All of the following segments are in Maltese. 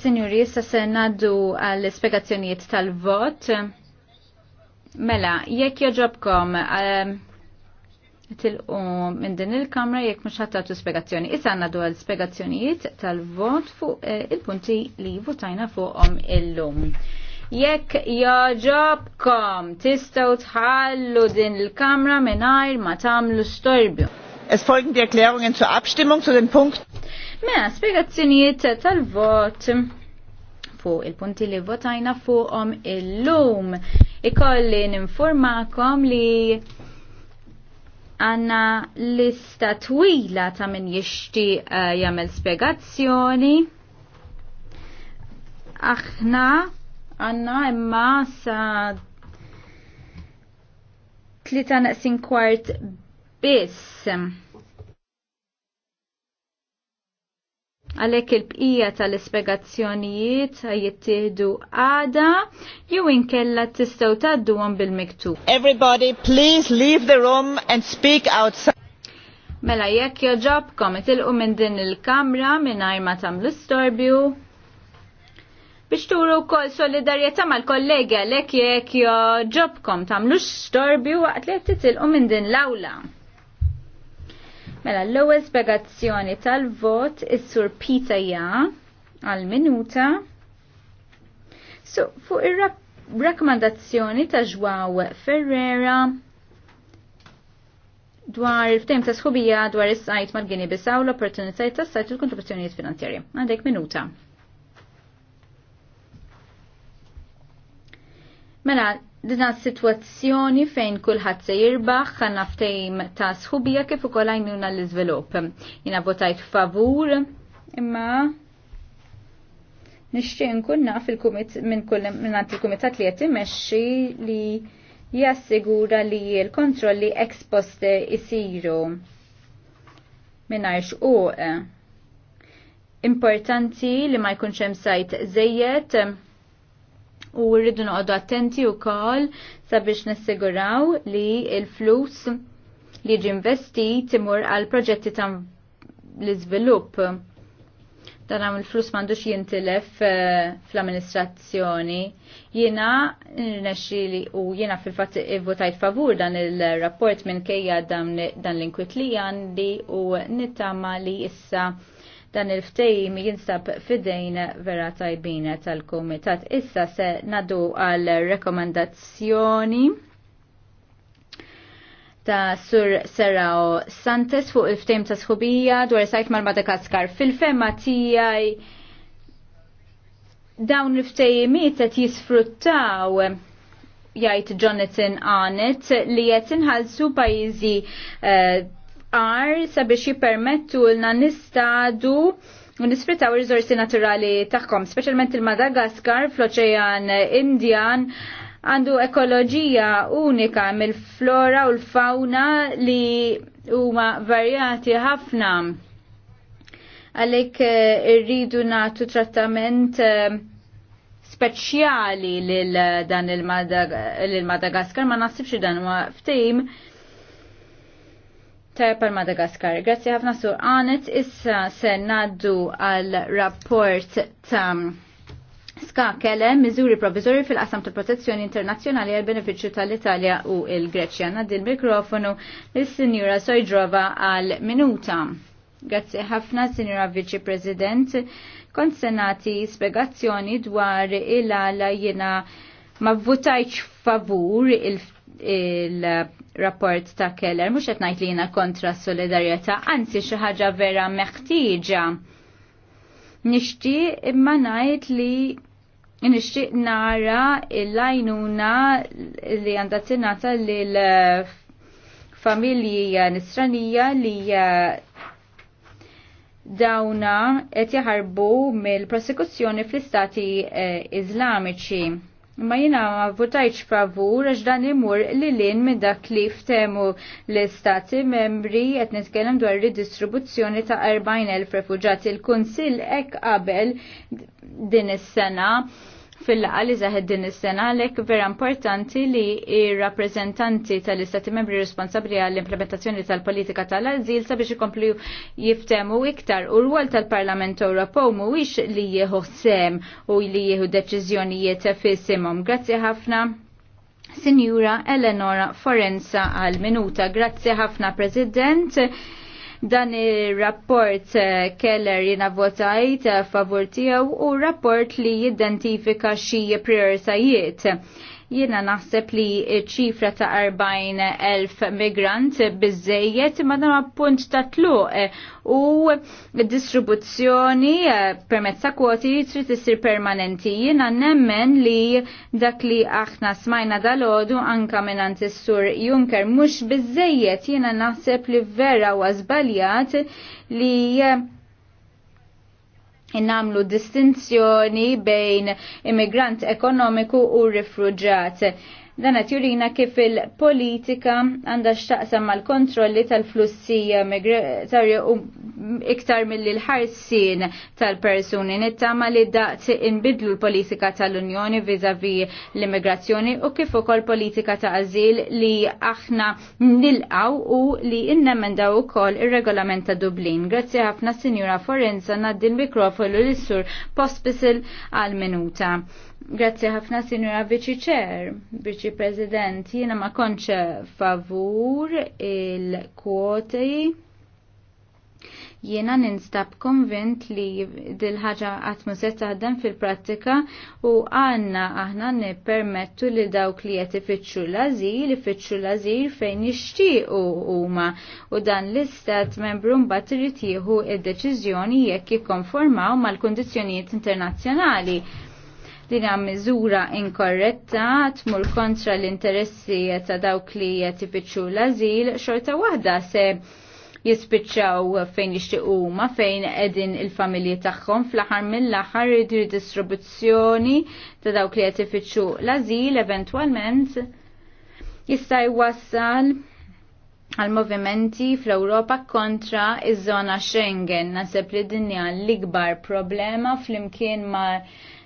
Signori, issa se naddu għall-spiegazzjonijiet tal-vot. Mela, jekk joġobkom ehm, tilqu minn din il-kamra jekk mhux ħattatu spiegazzjoni. Issa għandna għal spiegazzjonijiet tal-vot fuq eh, il-punti li votajna fuqhom illum. Jekk joġobkom tistgħu tħallu din il-kamra mingħajr ma tagħmlu storbju. Es folgen die Erklärungen zur Abstimmung zu den Punkten. Mea, spiegazzjonijiet tal-vot fuq il-punti li votajna fuqhom illum. Ikolli ninformakom li għanna lista twila ta' min jixti jamel eh, jagħmel spiegazzjoni. Aħna għanna imma sa' tlita naqsin kwart biss. Għalek il-bqija tal-ispegazzjonijiet jittieħdu għada jew inkella tistgħu tgħaddu bil-miktub. Everybody please leave the room and speak outside. Mela jekk joġobkom itilqu minn din il-kamra mingħajr ma tagħmlu storbju biex turu kol solidarieta mal kollega lek jekk jo ġobkom storbju waqt li titilqu minn din l-awla. Mela, l-ewwel spjegazzjoni tal-vot is-sur Pita ja għal-minuta so, fuq ir-rakkomandazzjoni ta' Joao Ferrera dwar il ftehim ta' sħubija dwar is-sajt mal-Gini Bisaw l-opportunitajiet tas sajt u l-kontribuzzjonijiet finanzjarji. Għandek minuta. Mela, dina situazzjoni fejn kulħadd se jirbaħ għan naftejm ta' sħubija kif ukoll għajnuna l-iżvilupp. Jina votajt favur imma nixtieq nkun naf minn kull minn il-kumitat li qed imexxi li jassigura li l-kontrolli ex post isiru mingħajr xquq. Eh, importanti li ma jkunx hemm sajt żejjed u rridu noqogħdu attenti wkoll sabiex nissiguraw li l-flus li ġi investit imur għal proġetti ta' l-iżvilupp. Dan għam il-flus mandux jintilef eh, fl-amministrazzjoni. jiena nesċili u jiena fil-fat votajt favur dan il-rapport minn kejja dan l-inkwit li għandi u nittama li issa Dan il-ftejim jinsab fidejn vera tajbin tal-Kumitat. Issa se nadu għal rekomendazzjoni ta' Sur Serrao Santes fuq il-ftejm ta' sħubija dwar sajt mal-Madagaskar. Fil-femma tijaj dawn il-ftejimiet qed jisfruttaw jgħid Jonathan Arnett li qed inħallsu pajjiżi uh, għar sabiex jipermettu l-na nistadu u nisfrittaw il-rizorsi naturali taħkom, specialment il-Madagaskar fl-Oċean Indian għandu ekoloġija unika mill-flora u l-fauna li huma varjati ħafna. Għalek eh, irridu natu trattament eh, speċjali lil dan il-Madagaskar ma nasibx dan huwa ftim. Terpal Madagaskar. Grazzi ħafna sur għanet. Issa se naddu għal rapport ta' Ska kele miżuri provizori fil-qasam ta' protezzjoni internazzjonali għal beneficju tal-Italja u il-Greċja. Naddi l-mikrofonu l-Sinjura Sojdrova għal minuta. Grazzi ħafna, Sinjura Vici President. Kont spiegazzjoni dwar il-għala jena ma votajċ favur il- rapport ta' Keller, mux etnajt li jina kontra solidarieta, għansi xaħġa vera meħtieġa. Nishti imma najt li nishti nara il-lajnuna li għanda tinata li l-familji eh, eh, nisranija li eh, dawna et jaħarbu mill-prosekuzzjoni fl-istati iżlamiċi. Ma jina ma votajċ favur għax dan imur li lin minn dak li ftemu l-istati membri qed nitkellem dwar ridistribuzzjoni ta' 40,000 refuġati. Il-Kunsill hekk qabel din is-sena fil-laqa li zaħed din is-sena għalhekk vera importanti li r rappreżentanti tal-istati membri responsabbli għall-implementazzjoni tal-politika tal-azil sabiex ikomplu jiftemu iktar u rwol tal-Parlament Ewropew mhuwiex li jieħu sem u li jieħu deċiżjonijiet fisimhom. Grazzi ħafna. Sinjura Eleonora Forenza għal minuta. Grazzi ħafna President. Dan ir-rapport eh, Keller jina votajt eh, favur tiegħu u rapport li jidentifika xi prioritajiet Jiena naħseb li ċifra ta' 40,000 migrant bizzejiet ma dan punt ta' tluq eh, u distribuzzjoni eh, permezz ta' kwoti trid issir permanenti. Jiena nemmen li dak li aħna smajna dal-għodu anka minn is-sur Juncker mhux biżejjed jiena naħseb li vera u li eh, innamlu distinzjoni bejn immigrant ekonomiku u rifruġat. Dan qed jurina kif il-politika għandha x'taqsam mal-kontrolli tal-flussi migratorju u iktar mill-ħarsin tal-persuni nittama li daqt inbidlu l-politika tal-Unjoni vizavi l-immigrazzjoni u kif ukoll politika ta' azil li aħna nilqaw u li innemendaw ukoll ir-regolament ta' Dublin. Grazzi ħafna Sinjura Forenza naddi l-mikrofonu l-Sur Pospisil għal-minuta. Grazzi ħafna Sinjora Viċi Ċer, Viċi President, jiena ma konċ favur il-kwoti. Jiena ninstab konvint li dil-ħaġa għatmu se taħdem fil-prattika u għanna aħna nippermettu li dawk li qed ifittxu l-azil, ifittxu l-azil fejn jixtiequ huma u dan l-istat membru mbagħad irid jieħu id-deċiżjoni jekk jikkonformaw mal-kundizzjonijiet internazzjonali Din hija miżura inkorretta tmur kontra l-interessi ta' dawk li qed l-ażil xorta waħda se jispiċċaw fejn jixtiequ ma fejn qegħdin il-familji tagħhom fl-aħħar mill-aħħar jridu distribuzzjoni ta' dawk li qed l-ażil eventwalment jista' jwassal għal movimenti fl-Ewropa kontra iż-żona Schengen. Naseb li dinja l-ikbar problema flimkien ma'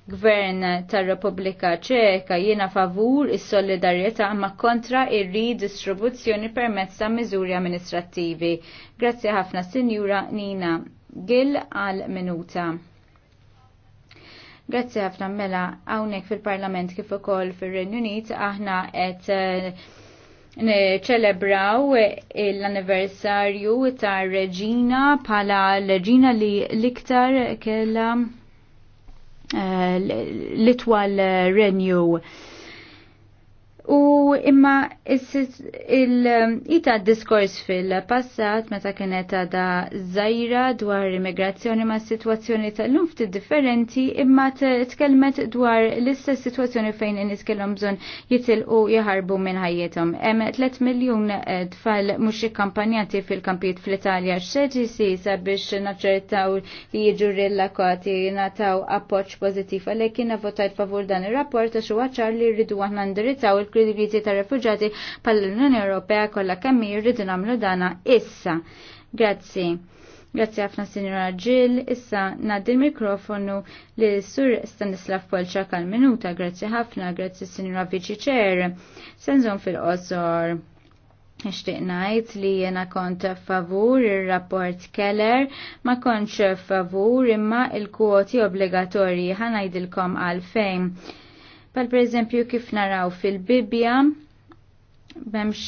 gvern tar-Repubblika Ċeka jiena favur is-solidarjetà ma kontra ir-ridistribuzzjoni permezz ta' miżuri amministrattivi. Grazzi ħafna Sinjura Nina Gill għal minuta. Grazzi ħafna mela hawnhekk fil-Parlament kif ukoll fir-Renju Unit aħna qed eh, ċelebraw l-anniversarju ta' Reġina pala l-Reġina li l-iktar kella Eh, l-itwal Renew U imma il-ita diskors fil-passat meta kienet da zaħira dwar immigrazzjoni ma' situazzjoni tal-lum ftit differenti imma tkellmet dwar l-istess situazzjoni fejn nitkellhom bżon jitilqu jaħarbu minn ħajjithom. Hemm 3 miljun eh, tfal mhux kampanjati fil-kampijiet fl-Italja x'eġisi sabiex naċċertaw li jiġu rillakwati nataw appoġġ pozitif għalhekk kien votajt favur dan ir-rapport għax huwa li rridu għahna ndirizzaw il il-kriżi ta' refuġati pal-Unjoni Ewropea kollha kemm jirridu nagħmlu dana issa. Grazzi. Grazzi ħafna Sinjora Ġil, issa naddi l-mikrofonu li Sur Stanislav Polċa kal-minuta, grazzi ħafna, grazzi Sinjora Vici Ċer, senżon fil-qosor. Nishtiq najt li jena kont favur il-rapport Keller, ma kontx favur imma il-kwoti obbligatorji ħanajdilkom għalfejn pal per eżempju kif naraw fil-Bibja, bemx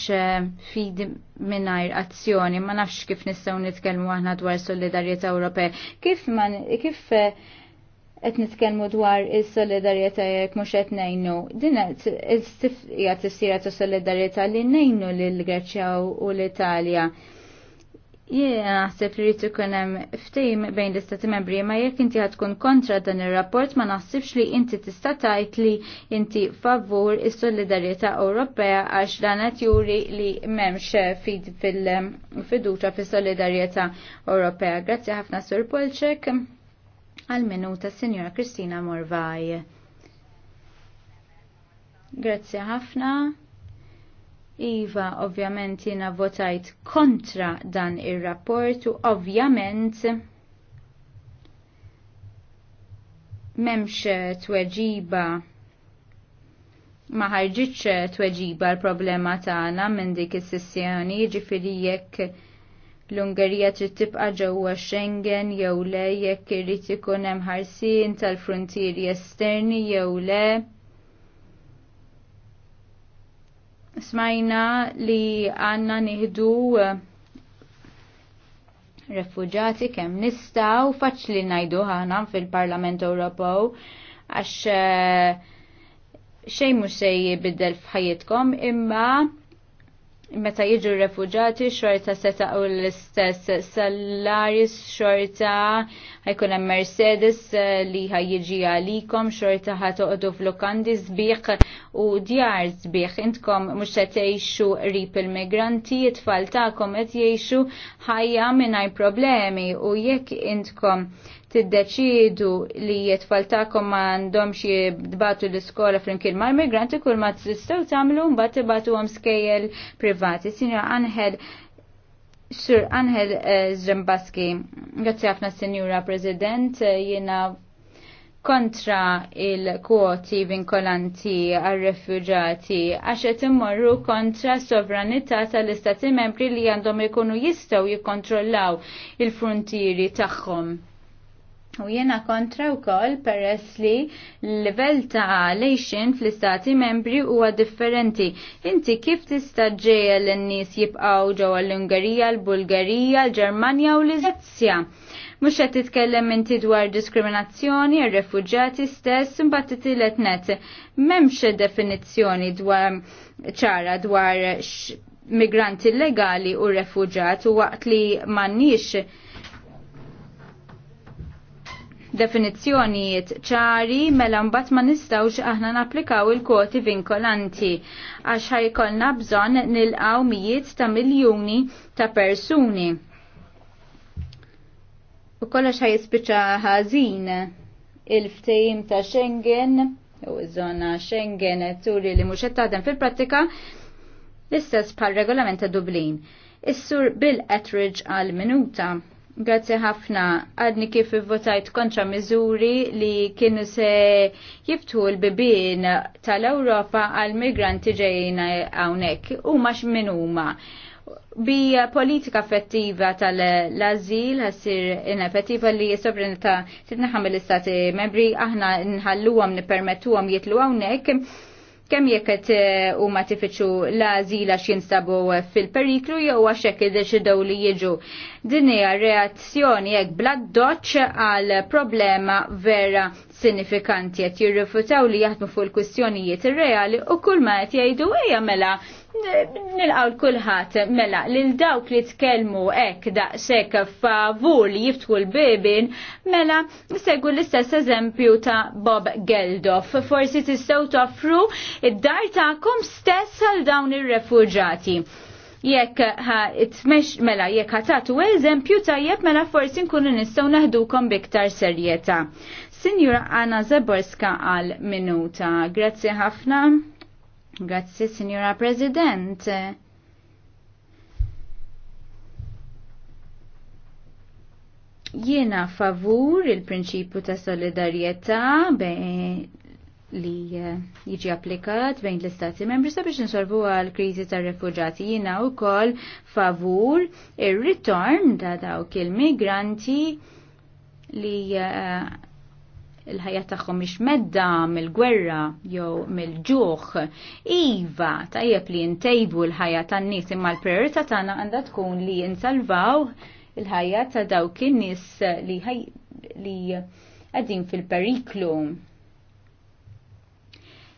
fidi minnajr azzjoni, ma nafx kif nistaw nitkellmu aħna dwar solidarieta Ewropea. Kif man, kif qed nitkellmu dwar is-solidarjetà jekk mhux qed ngħinu. Din hija tifsira ta' solidarieta li ngħinu lill Greċja u l-Italja. Jiena naħseb li rrid ikun hemm ftehim bejn l-istati membri ma jekk inti tkun kontra dan ir-rapport ma naħsibx li inti tista' tgħid li inti favur is-solidarjetà Ewropea għax dan qed juri li m'hemmx fid fil-fiduċa fis-solidarjetà Ewropea. Grazzi ħafna Sur Polċek għal minuta Sinjora Kristina Morvaj. Grazzi ħafna. Iva, ovvjament jina votajt kontra dan ir-rapport u ovvjament memx tweġiba ma ħarġitx tweġiba l-problema tagħna minn dik is-sessjoni, ġifieri jekk l-Ungerija trid tibqa' ġewwa Schengen jew le jekk irid ikun hemm ħarsien tal-frontieri esterni jew le. smajna li għanna nieħdu eh, refugjati kemm nistaw faċli najdu ħana fil-Parlament Ewropew għax eh, xej mhux se jibiddel fħajetkom imma meta jiġu refugjati xorta seta u l-istess salaris xorta ħajkun hemm Mercedes li ħajjiġi għalikom xorta ħatoqdu f'lokandi sbieħ u djar sbieħ intkom mhux se tgħixu rip il-migranti it-tfal tagħkom qed jgħixu ħajja mingħajr problemi u jekk intkom tiddeċidu li jitfall tagħkom m'għandhomx dbatu l-iskola flimkien mal-migranti kull ma tistgħu tagħmlu mbagħad tibatuhom skejjel privati. Sinjor Anħel Sir Anhel eh, Zrembaski, grazzi għafna Senjura President, jiena kontra il-kwoti vinkolanti għal-refugġati, għax qed immorru kontra sovranità tal-istati membri li għandhom ikunu jistgħu jikkontrollaw il-frontieri tagħhom. U jena kontra u koll peress li l-level ta' lejxin fl-istati membri huwa differenti. Inti kif tista' l-nis jibqaw ġewwa l-Ungerija, l-Bulgarija, l-Ġermanja u l-Iżvezja. Mhux qed titkellem inti dwar diskriminazzjoni, ir-refuġjati stess, imbagħad titilet net. M'hemmx definizzjoni dwar ċara dwar migranti illegali u refuġjat u waqt li m'għandniex definizzjonijiet ċari mela mbagħad ma nistgħux aħna napplikaw il-kwoti vinkolanti għax ħajkollna bżonn nilqgħu mijiet ta' miljuni ta' persuni. U kollox ħajispiċċa ħażin il-ftehim ta' Schengen u ż-żona Schengen turi li mhux qed fil-prattika l-istess bħal regolament ta' Dublin. Is-sur Bill Etridge għal minuta. Grazzi ħafna. Għadni kif votajt kontra miżuri li kienu se jiftu l-bibin tal-Europa għal-migranti ġejjin hawnhekk. Huma max huma. Bi politika effettiva tal-azil ħassir ineffettiva li s-sovranità titnaħam l-istati membri aħna nħalluhom nippermettuhom jitlu hawnhekk kemm jekk qed eh, huma tifittxu l-għażila x'jinstabu fil-periklu jew għax hekk iddeċidew li jiġu. Din hija reazzjoni hekk bla doċċ għal problema vera sinifikanti qed jirrifutaw li jaħdmu fuq il-kwistjonijiet irreali u kull ma qed jgħidu ejja mela nilqaw l-kulħat mela lil dawk li tkellmu ek daqsek favur li jiftħu l-bibin mela segu l-istess eżempju ta' Bob Geldof. Forsi tistgħu toffru id-dar tagħkom stess għal dawn ir-refuġati. Jekk ha tmex mela jekk ħatatu eżempju tajjeb mela forsi nkunu nistgħu naħdukom biktar serjetà. Signora Anna Zaborska għal minuta. Grazzi ħafna. Grazzi, Signora President. Jiena favur il-prinċipju ta' solidarjetà li eh, jiġi applikat bejn l-istati membri sabiex nsolvu għal kriżi tar refugjati Jiena u kol favur ir-ritorn ta' dawk il-migranti li uh, il-ħajja tagħhom mhix medda mill-gwerra jew mill-ġuħ. Iva, tajjeb li ntejbu l-ħajja tan-nies imma l-priorità tagħna għandha tkun li nsalvaw il-ħajja ta' dawk in-nies li li qegħdin fil-periklu.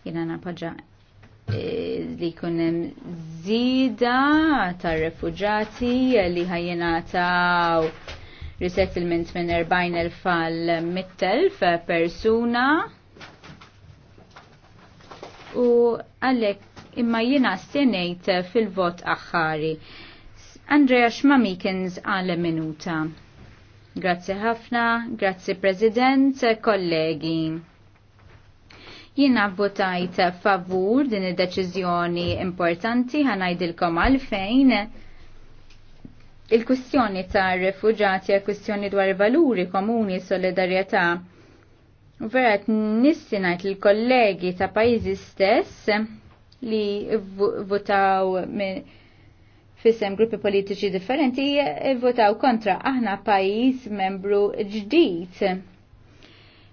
Jiena napaġa eh, li hemm zida ta' refugjati li ħajjenataw resettlement minn 40.000 fall 100.000 persuna u għalek imma jina s-senajt fil-vot aħħari. Andrea Schmamikens għal minuta. Grazzi ħafna, grazie President, kollegi jina votajt favur din id-deċizjoni importanti ħanajdilkom għalfejn il-kwistjoni ta' refugjati għal kwistjoni dwar valuri komuni solidarjetà. Verat nissinajt il-kollegi ta' pajizi stess li votaw fissem gruppi politiċi differenti votaw kontra aħna pajiz membru ġdijt.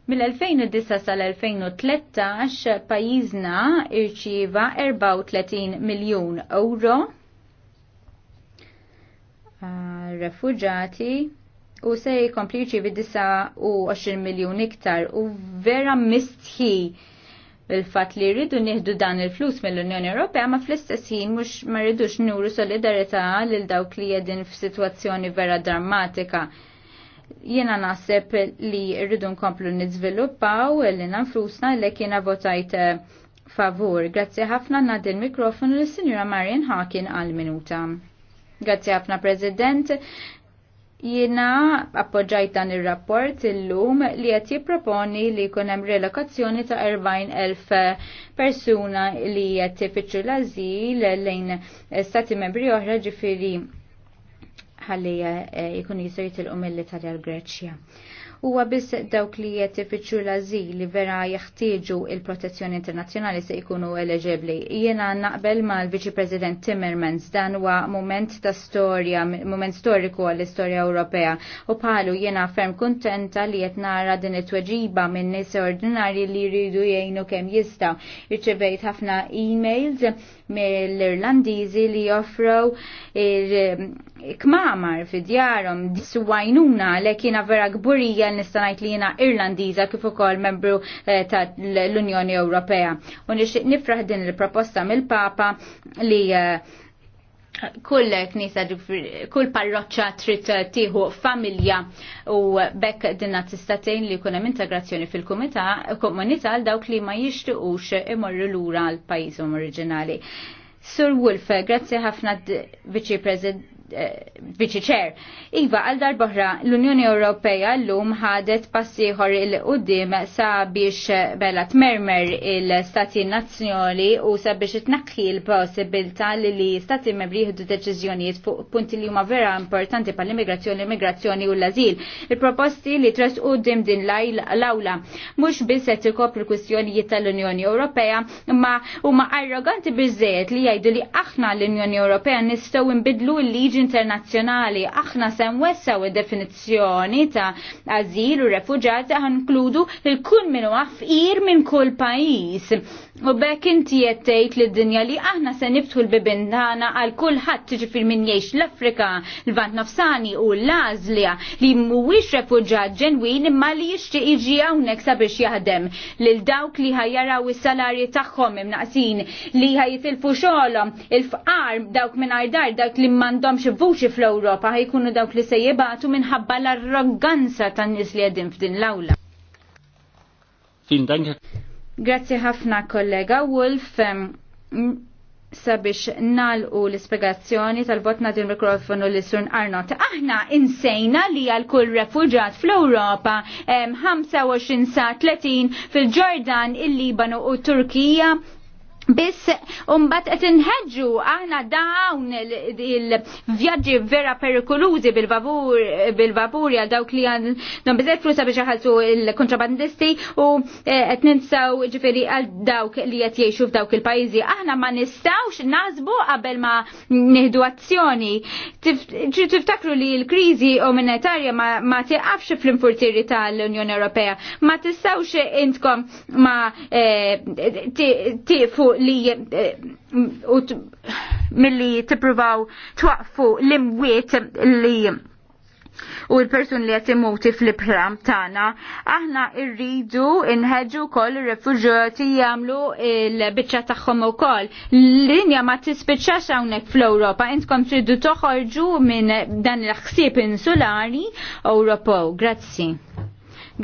Mill-2009 sal-2013 pajizna irċiva 34 miljon euro refugjati u se jkompli ċivi 29 miljon iktar u vera mistħi il-fat li rridu nieħdu dan il-flus mill-Unjoni Ewropea ma fl-istess ħin mhux ma rridux nuru solidarità lil dawk li qegħdin f'sitwazzjoni vera drammatika. Jiena naħseb li rridu nkomplu niżviluppaw li nanflusna li kiena votajt eh, favur. Grazzi ħafna nad il-mikrofonu lis sinjura Marian Hawkin għal-minuta. Grazzi għafna President. Jina appoġġajt dan ir-rapport il illum li qed jipproponi li jkun hemm relokazzjoni ta' 40,000 persuna li qed tifittxu l-ażil lejn stati membri oħra ġifieri ħalli jkun eh, jisir tilqu mill-Italja l-Greċja huwa biss dawk li qed ifittxu l-ażil li vera jeħtieġu il-protezzjoni internazzjonali se jkunu eleġibbli. Jiena naqbel mal-Viċi President Timmermans dan huwa moment ta' storja, moment storiku għall-istorja Ewropea u palu jiena ferm kuntenta li qed nara din it-tweġiba minn nies ordinarji li jridu jgħinu kemm jistgħu. Irċevejt ħafna emails mill-Irlandiżi li joffrew kmamar fi djarhom diswajnuna għalhekk jiena vera gburija għal nistanajt li jiena Irlandiza kif ukoll membru eh, ta' l-Unjoni Ewropea. U nixtieq nifraħ din il-proposta mill-Papa li eh, kull knisa kull parroċċa trid eh, tieħu familja u bekk dinna tistatejn li jkun hemm integrazzjoni fil-komunità għal dawk li ma jixtiequx imorru lura għal pajjiżhom oriġinali. Sur Wolf, grazzi ħafna viċi President viċi ċer. Iva, għal darbohra l-Unjoni Ewropea l-lum ħadet passiħor il-qoddim sabiex bella tmermer il-stati nazzjoni u sabiex itnaqħi l-possibilta li li stati membri jihdu deċizjoniet fuq punti li huma vera importanti l immigrazzjoni l immigrazjoni u l-azil. Il-proposti li tres qoddim din l-awla mux biss qed ikopru kwistjonijiet tal-Unjoni Ewropea ma huma arroganti bizzet li jgħidu li aħna l-Unjoni Ewropea nistgħu nbidlu l-liġi refuġi internazzjonali. Aħna sem wessaw id-definizzjoni ta' azil u refuġati ħankludu il-kull minu għafqir minn kull pajis. U bekk inti jettejt li d-dinja li aħna se nibtu l-bibindana għal kullħat tiġifir minn jiex l-Afrika, l-Vant Nofsani u l-Azlija li mhuwiex refuġat ġenwin imma li jixtieq jiġi hawnhekk sabiex jaħdem lil dawk li ħajjaraw is-salarji tagħhom imnaqsin li ħajitilfu xogħolhom il-fqar dawk minn dar dawk li m'għandhomx jirċivuċi fl-Ewropa ħajkunu dawk li se jibatu minħabba l-arroganza tan nies li għedin f'din l-awla. Fin Grazzi ħafna kollega Wolf sabiex nalqu l-ispiegazzjoni tal botna nadi l-mikrofonu li sun Arnott. Aħna insejna li għal kull refugġat fl-Europa 25 sa 30 fil-Ġordan, il-Libanu u Turkija Biss, umbat qed inħeġġu aħna dawn il-vjaġġi vera perikolużi bil-vapur bil-vapur għal dawk li għandhom biżgħet flus biex iħallsu il-kontrabandisti u eh, qed ninsaw ġifieri għal dawk li qed jgħixu f'dawk il-pajjiżi. Aħna ma nistgħux nażbu qabel ma nieħdu azzjoni. Tiftakru li l-kriżi umanitarja ma tiqafx fl-infurtiri tal-Unjoni Ewropea. Ma tistgħux intkom ma eh, tiqfu li eh, milli tippruvaw twaqfu l-imwiet li u l-person li għati imuti fl-pram tana. Aħna irridu inħedġu kol il-refugġati jamlu il-bicċa taħħom u kol. L-linja ma tispiċċax hawnhekk fl-Ewropa, intkom tridu toħorġu minn dan l-ħsieb insulari Ewropew. Grazzi.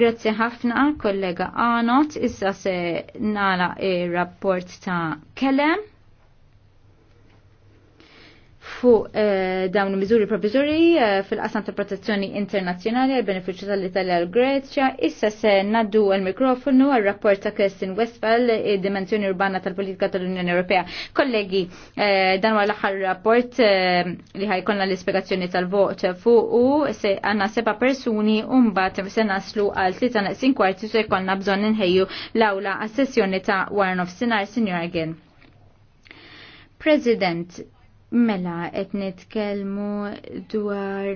Grazzi ħafna kollega Anot, issa se nala il rapport ta' Kelem fuq eh, dawn miżuri provizori eh, fil-qasam ta' protezzjoni internazzjonali għal beneficju tal-Italja għal Greċja. Issa se naddu l-mikrofonu għal rapport ta' Kirsten Westfall id-dimensjoni eh, urbana tal-politika tal-Unjoni Ewropea. Kollegi, eh, dan għal aħħar rapport eh, li ħajkonna l-ispiegazzjoni tal-vot fuq u se għanna seba persuni umbat se naslu għal tlita naqsin kwarti se jkollna bżon nħeju l-awla għas-sessjoni ta' Warren of Sinar, Senior Again. President, Mela, etnet kelmu dwar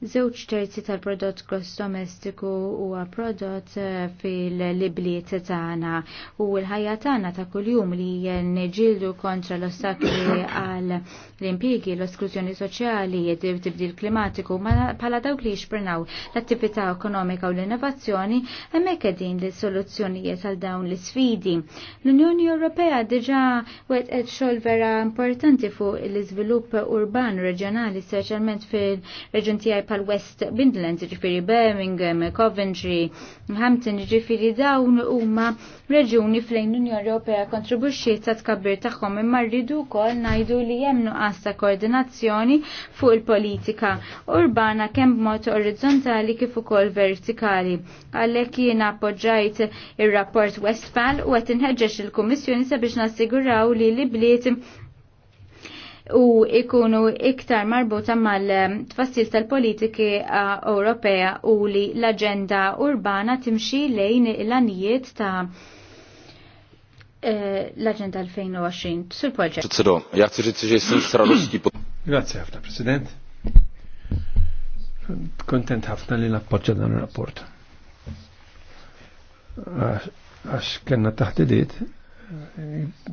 Żewġ terzi tal-prodott gross domestiku huwa prodott eh, fil-libliet tagħna u l-ħajja tagħna ta' kuljum li niġildu kontra l-ostakli għal l-impjiegi, l-esklużjoni soċjali, tibdil klimatiku, ma bħala dawk li jixprinaw l-attività ekonomika u l-innovazzjoni hemmhekk qegħdin l-soluzzjonijiet għal dawn l-isfidi. L-Unjoni Ewropea diġà wetqet xogħol vera importanti fuq l-iżvilupp urban reġjonali, speċjalment fil-reġjun tiegħi pal-West Midlands, ġifiri Birmingham, Coventry, Hampton, ġifiri dawn huma reġuni flejn l-Unjoni Ewropea kontribuxxi ta' tkabbir tagħhom imma rridu wkoll ngħidu li hemm għasta ta' koordinazzjoni fuq il-politika urbana kemm mod orizzontali kif ukoll vertikali. Għalhekk jiena appoġġajt ir-rapport Westfall u qed inħeġġeġ il-Kummissjoni sabiex nassiguraw li li bliet u ikunu iktar marbuta mal-tfassil eh, tal-politiki eh, Ewropea u li l-agenda urbana timxi lejn l-anijiet ta' eh, l-agenda 2020 sul proġett. Grazie ħafna, President. Kontent ħafna li l-appoġġa dan il-rapport. Għax kena taħdidiet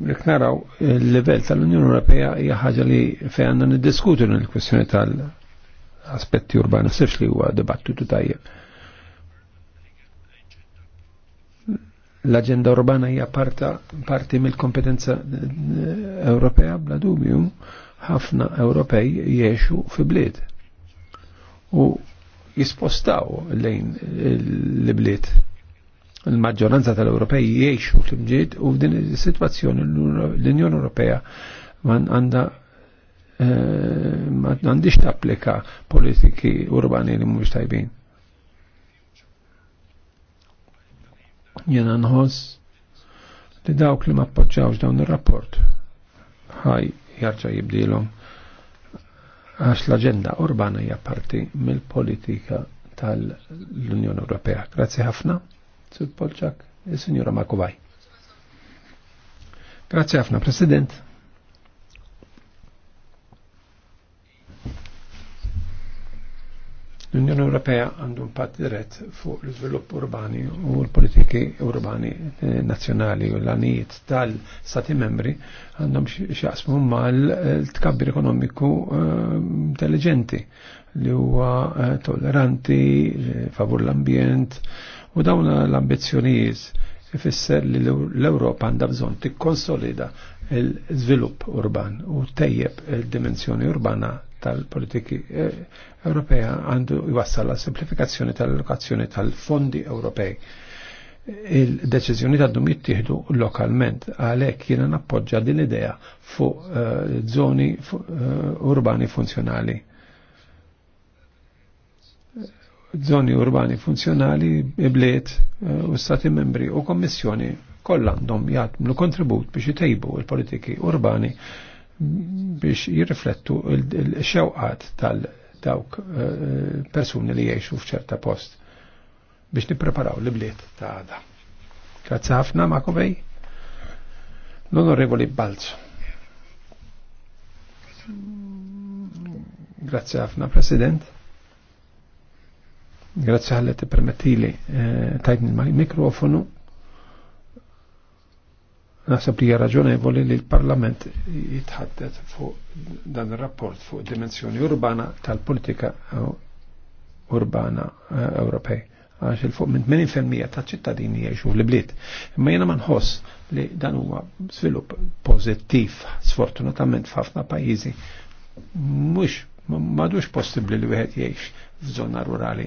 Rik naraw il-level tal-Unjoni Ewropea hija ħaġa li fejn għandna niddiskutu il kwestjoni tal-aspetti urbani, sifx li huwa dibattitu tajjeb. L-aġenda urbana hija parti mill-kompetenza eh, Ewropea bla dubju ħafna Ewropej jiexu fi bliet u jispostaw lejn l-bliet il-maġġoranza tal-Ewropej jiexu fl u f'din is-sitwazzjoni l-Unjoni Ewropea għandha eh, ma għandix tapplika politiki urbani li mhumiex tajbin. Jena nħoss li dawk li ma appoġġawx dawn ir-rapport ħaj jarġa' jibdilhom għax l aġenda urbana hija parti mill-politika tal-Unjoni Ewropea. Grazzi ħafna. Sud Polċak, e signora Makovaj. Grazie ħafna, President. L-Unjoni Ewropea għandu impatt dirett fuq l-iżvilupp urbani u l-politiki urbani eh, nazzjonali u l-għanijiet tal-Stati membri għandhom un mal-tkabbir ekonomiku eh, intelligente, li huwa eh, tolleranti, favur l-ambjent U dawn l ambizjonijiet ifisser li l-Ewropa għandha bżonn tikkonsolida l-żvilupp urban u tejjeb il-dimensjoni urbana tal-politiki e, Ewropea għandu jwassal la simplifikazzjoni tal-allokazzjoni tal-fondi Ewropej il deċiżjoni għandhom jittieħdu lokalment għalhekk jiena nappoġġa din l-idea fuq uh, zoni fu, uh, urbani funzjonali zoni urbani funzjonali, bliet eh, u stati membri u kommissjoni kollha għandhom jagħmlu kontribut biex jtejbu il-politiki urbani biex jirriflettu il-xewqat tal-dawk eh, persuni li jgħixu f'ċerta post biex nippreparaw li bliet ta' għada. Grazzi ħafna Makovej. L-Onorevoli Balzo. Grazzi ħafna President. Grazzi għalli ti permettili eh, tajtni il-mikrofonu. Nasab li raġonevoli li l-Parlament jitħaddet fuq dan il-rapport fuq dimensjoni urbana tal-politika urbana eh, Ewropej. Għax il-fuq minn 80% ta' ċittadini jiexu li bliet. Imma jena manħoss li dan huwa svilupp pozittiv, sfortunatament f'ħafna pajjiżi mhux madux possibbli li wieħed jgħix f'żona rurali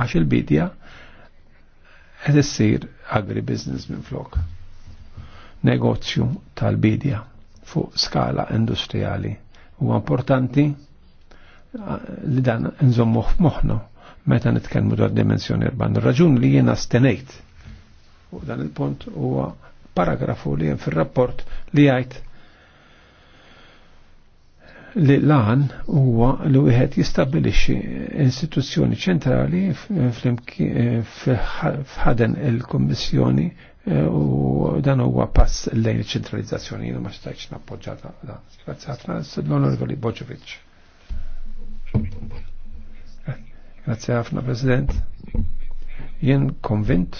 għax il-bidja qed issir agribusiness minn flok. Negozju tal-bidja fuq skala industrijali huwa importanti li dan nżommu f'moħħna meta nitkellmu dwar dimensjoni urban. raġun li jiena stenejt u dan il-punt huwa paragrafu li jen fil-rapport li jgħid li lan huwa li wieħed jistabbilixxi istituzzjoni ċentrali f'ħaden il-Kummissjoni eh, u dan huwa pass lejn iċ-ċentralizzazzjoni ma stajtx nappoġġja dan. Grazzi ħafna l-Onorevoli Boġovic. Grazzi ħafna President. Jien konvint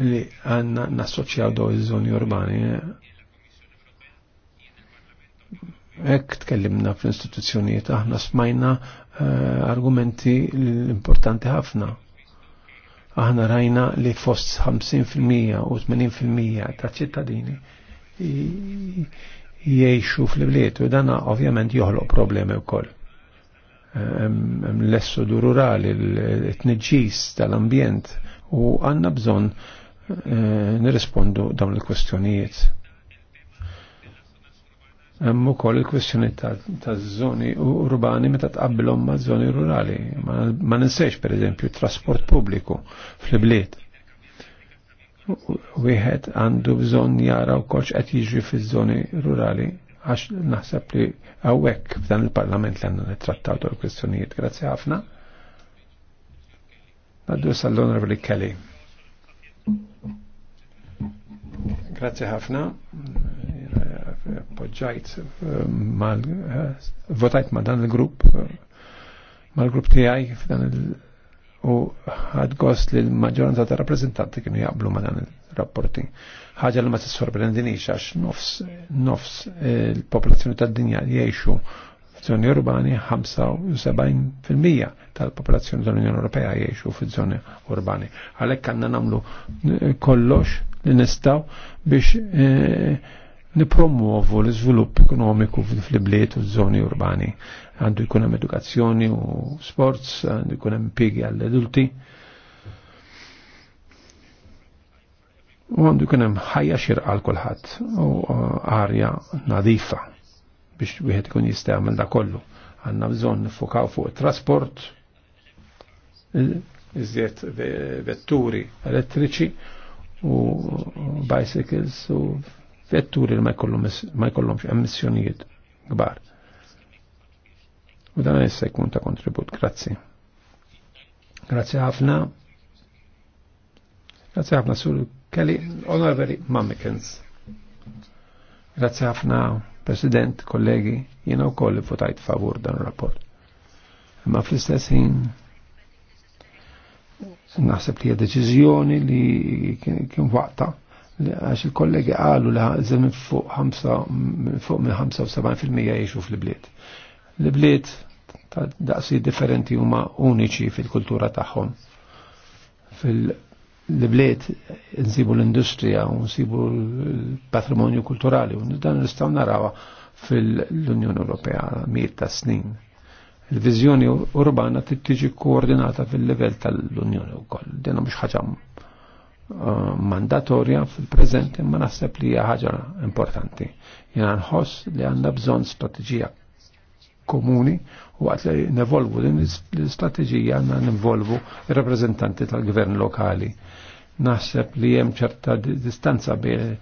li għanna nassoċjaw daw iż-żoni urbani. Ek tkellimna fl-istituzzjonijiet aħna smajna eh, argumenti importanti ħafna. Aħna rajna li fost 50% u 80% ta' ċittadini jiexu fl-bliet u dana ovvjament joħloq problemi wkoll eh, l-essodu rurali, l-tneġġis tal-ambjent u għanna bżon Eh, nirrispondu dawn il-kwestjonijiet. Hemm ukoll il-kwestjoni taż-żoni urbani meta tqabbilhom ma' żoni rurali. Ma ninsejx pereżempju trasport pubbliku fl-bliet. Wieħed għandu bżonn jara wkoll x'qed jiġri fiż-żoni rurali għax naħseb li hawnhekk f'dan il-Parlament li għandna nittrattaw tal il-kwestjonijiet. Grazzi ħafna. Għaddu sal-Onorevoli Kelly. Grazie ħafna. Poġġajt eh, mal eh, votajt ma dan il-grupp eh, mal-grupp tiegħi f'dan il- u ħad gost li l-maġġoranza ta' rappresentanti kienu jaqblu ma dan il-rapporti. Ħaġa li ma tissorprendinix għax nofs nofs il-popolazzjoni tad-dinja jgħixu f'żoni urbani 75% tal-popolazzjoni tal-Unjoni Ewropea jgħixu f'żoni urbani. Għalhekk għandna nagħmlu eh, kollox li nistgħu biex eh, nipromuovu l iżvilupp ekonomiku fl-bliet u żoni urbani. Għandu jkun hemm edukazzjoni u sports, għandu jkun hemm pigi għall edulti U għandu jkun hemm ħajja xirqa għal kulħadd u eh, arja nadifa biex wieħed ikun jista' jagħmel da kollu. Għandna bżonn nifukaw fuq trasport, iżjed vetturi elettriċi u bicycles u vetturi li ma jkollhomx emissjonijiet kbar. U dan issa jkun ta' kontribut. Grazzi. Grazzi ħafna. Grazzi ħafna sur Kelly Honorary Mammikens. Grazzi ħafna. President, kollegi, jiena wkoll votajt favur dan rapport. Imma fl-istess ħin naħseb li deċiżjoni li kien waqta għax il-kollegi għalu li għazem fuq minn 75% jgħixu fil bliet L-bliet ta' daqsi differenti huma uniċi fil-kultura tagħhom l-bliet nsibu l-industrija u nsibu l-patrimonju kulturali u dan nistaw narawa fil-Unjoni Ewropea mir ta' snin. Il-vizjoni urbana tiġi koordinata fil-level tal-Unjoni u koll. Dena mux ħaġa uh, mandatorja fil-prezent imma naħseb li hija ħaġa importanti. Jena nħoss li għandha bżonn strateġija komuni waqt li nevolvu din l-istrateġija għanna nivolvu il reprezentanti tal-gvern lokali. Naħseb li hemm ċerta distanza bejn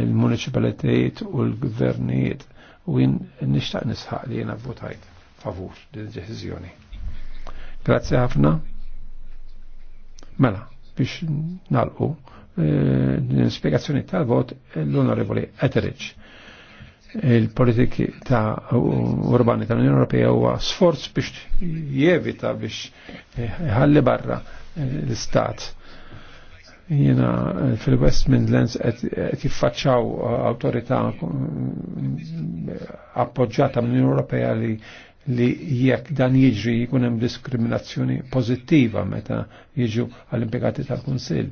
il-municipalitajiet u l-gvernijiet u jien nishtaq nisħaq li jena votajt favur din deċiżjoni. Grazzi ħafna. Mela, biex nalqu din eh, l-spiegazzjoni tal-vot l-Onorevoli Etheridge il-politiki ta' urbani tal unjoni Ewropea huwa sforz biex jevita biex ħalli barra l-istat. Jiena fil-West Midlands qed jiffaċċaw awtorità appoġġata mill-Unjoni Ewropea li li jekk dan jiġri jkun hemm diskriminazzjoni pożittiva meta jiġu għall-impjegati tal-Kunsill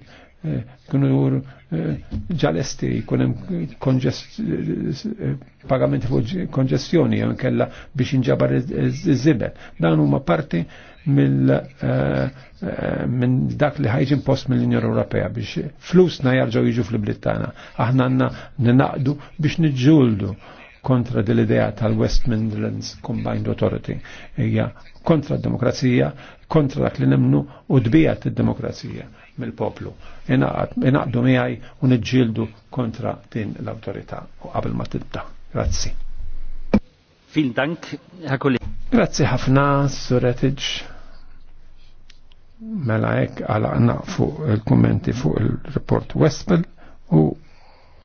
kunu jur eh, ġalesti, kunem eh, pagamenti fuq konġestjoni, jew kella biex inġabar iż zibet Dan huma parti eh, minn dak li ħajġin post mill-Unjoni Ewropea biex flusna jarġgħu jiġu fl brittana Aħna għandna ninaqdu biex niġġuldu kontra dil-idea tal-West Midlands Combined Authority. Hija kontra d-demokrazija, kontra dak li nemnu u dbijat id-demokrazija mill-poplu. Inaqdu miegħi u niġġieldu kontra din l-awtorità u qabel ma tibda. Grazzi. Fil Dank, Herr Grazzi ħafna, suretiġ. Mela hekk għala fuq il-kommenti fuq il-report Westpel u